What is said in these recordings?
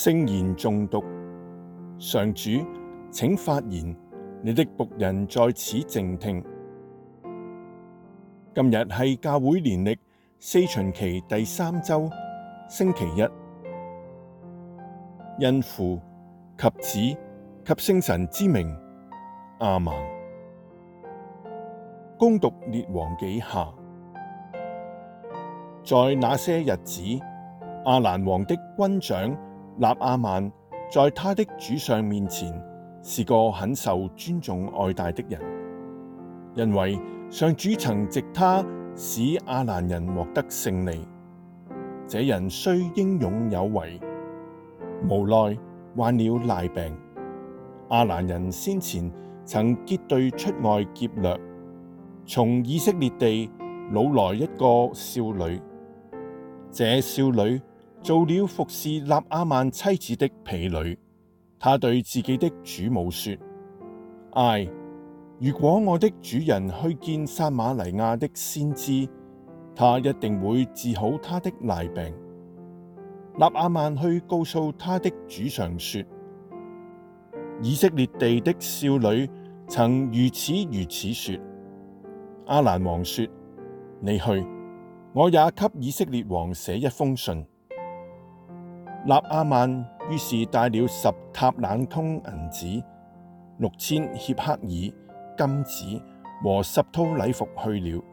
聖言誦讀，上主，請發言，你的僕人在此靜聽。今日係教會年曆四旬期第三周星期一，因父及子及聖神之名，阿門。恭讀列王紀下，在那些日子，阿蘭王的軍長。納阿曼在他的主上面前，是個很受尊重愛戴的人，因為上主曾藉他使阿蘭人獲得勝利。這人雖英勇有為，無奈患了癩病。阿蘭人先前曾結隊出外劫掠，從以色列地擄來一個少女。這少女。做了服侍納阿曼妻子的婢女，她對自己的主母說：唉，如果我的主人去見撒瑪黎雅的先知，他一定會治好他的癩病。納阿曼去告訴他的主上說：以色列地的少女曾如此如此說。阿蘭王說：你去，我也給以色列王寫一封信。納阿曼於是帶了十塔冷通銀子、六千協刻耳金子和十套禮服去了。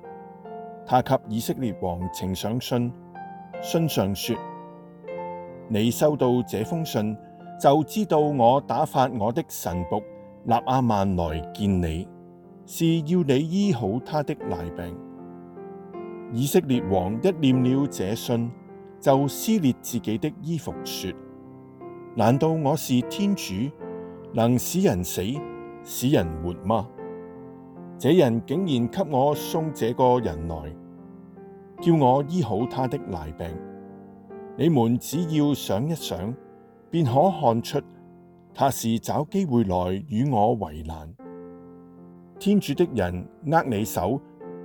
他給以色列王呈上信，信上說：你收到這封信，就知道我打發我的臣僕納阿曼來見你，是要你醫好他的癩病。以色列王一念了這信。就撕裂自己的衣服說：難道我是天主，能使人死，使人活嗎？這人竟然給我送這個人來，叫我醫好他的癩病。你們只要想一想，便可看出，他是找機會來與我為難。天主的人厄里叟，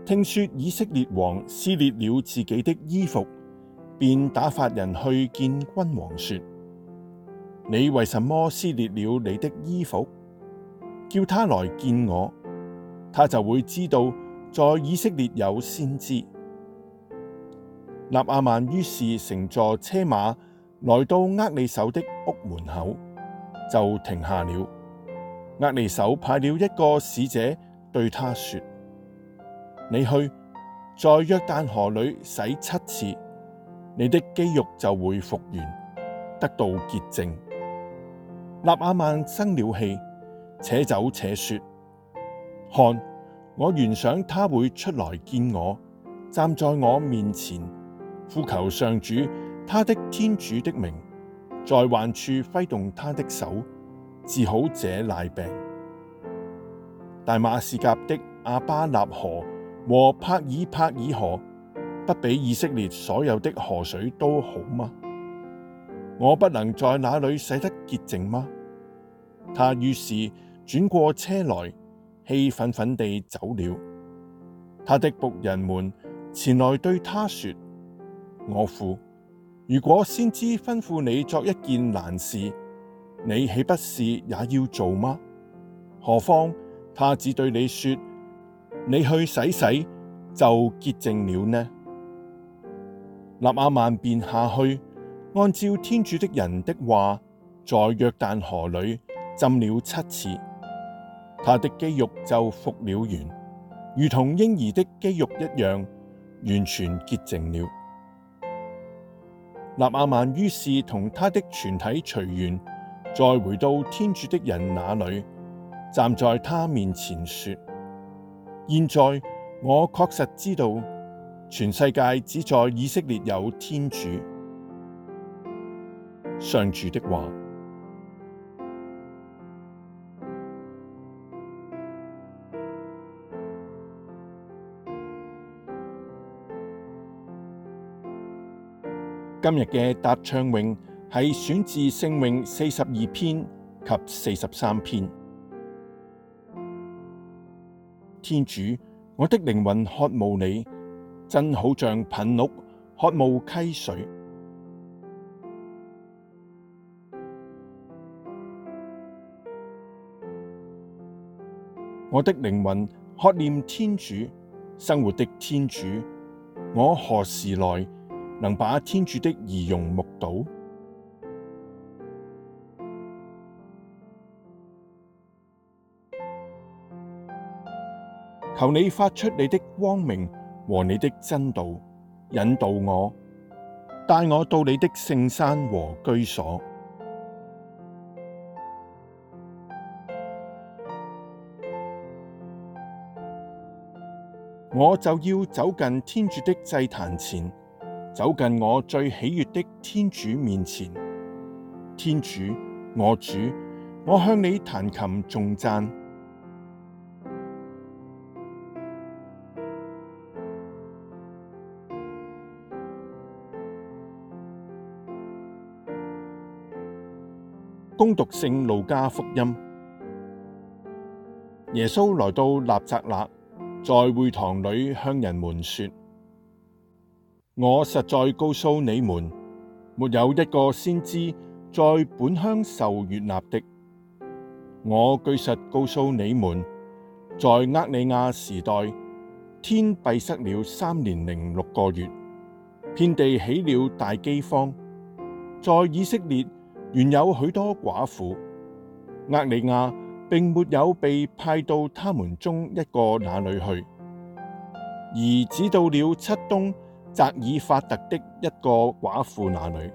聽說以色列王撕裂了自己的衣服。便打發人去見君王，說：你為什麼撕裂了你的衣服？叫他來見我，他就會知道在以色列有先知。納阿曼於是乘坐車馬來到厄里叟的屋門口，就停下了。厄里叟派了一個使者對他說：你去在約旦河裡洗七次。你的肌肉就會復原，得到潔淨。納阿曼生了氣，且走且說：看，我原想他會出來見我，站在我面前，呼求上主他的天主的名，在患處揮動他的手，治好這癩病。大馬士革的阿巴納河和帕爾帕爾河。不比以色列所有的河水都好嗎？我不能在那裡洗得潔淨嗎？他於是轉過車來，氣憤憤地走了。他的僕人們前來對他說：我父，如果先知吩咐你作一件難事，你豈不是也要做嗎？何況他只對你說，你去洗洗就潔淨了呢？納阿曼便下去，按照天主的人的話，在約但河裏浸了七次，他的肌肉就復了原，如同嬰兒的肌肉一樣，完全潔淨了。納阿曼於是同他的全體隨員，再回到天主的人那裏，站在他面前說：現在我確實知道。全世界只在以色列有天主。上主的話，今日嘅答唱詠係選自聖詠四十二篇及四十三篇。天主，我的靈魂渴慕你。真好像牝鹿渴慕溪水，我的靈魂渴念天主，生活的天主，我何時來能把天主的儀容目睹？求你發出你的光明。和你的真道引導我，帶我到你的聖山和居所。我就要走近天主的祭壇前，走近我最喜悅的天主面前。天主，我主，我向你彈琴頌讚。恭讀聖路加福音，耶穌來到納匝肋，在會堂裡向人們說：我實在告訴你們，沒有一個先知在本鄉受悅納的。我據實告訴你們，在厄里亞時代，天閉塞了三年零六個月，遍地起了大饑荒，在以色列，原有許多寡婦，厄里亞並沒有被派到他們中一個那裡去，而只到了漆冬匝爾法特的一個寡婦那裡。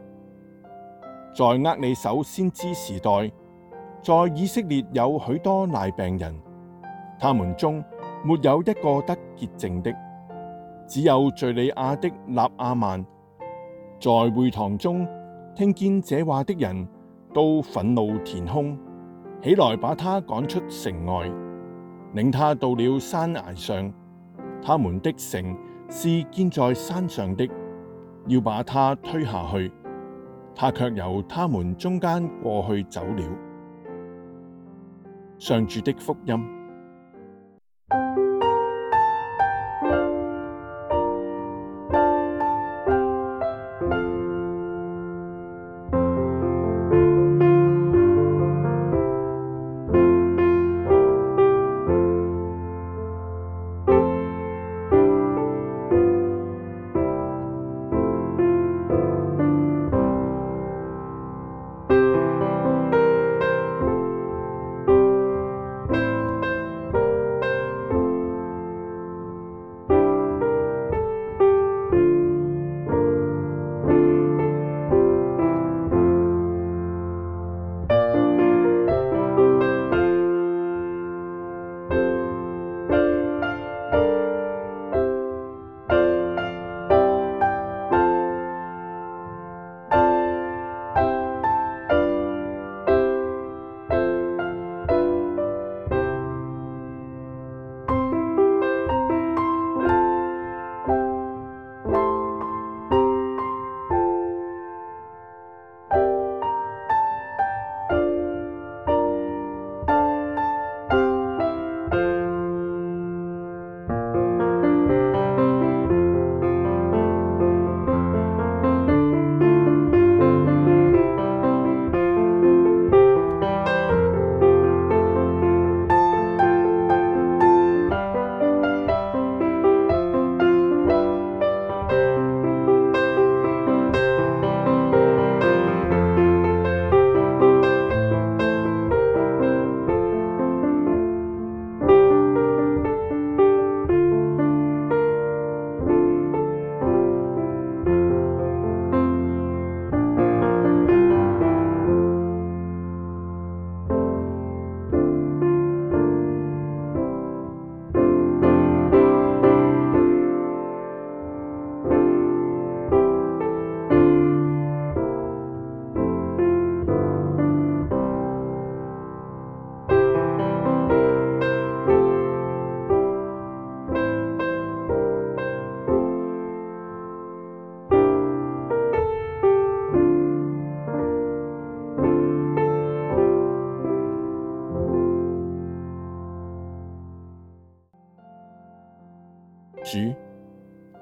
在厄里叟先知時代，在以色列有許多癩病人，他們中沒有一個得潔淨的，只有敘利亞的納阿曼。在會堂中。聽見這話的人都憤怒填胸，起來把他趕出城外，領他到了山崖上。他們的城是建在山上的，要把他推下去，他卻由他們中間過去走了。上主的福音。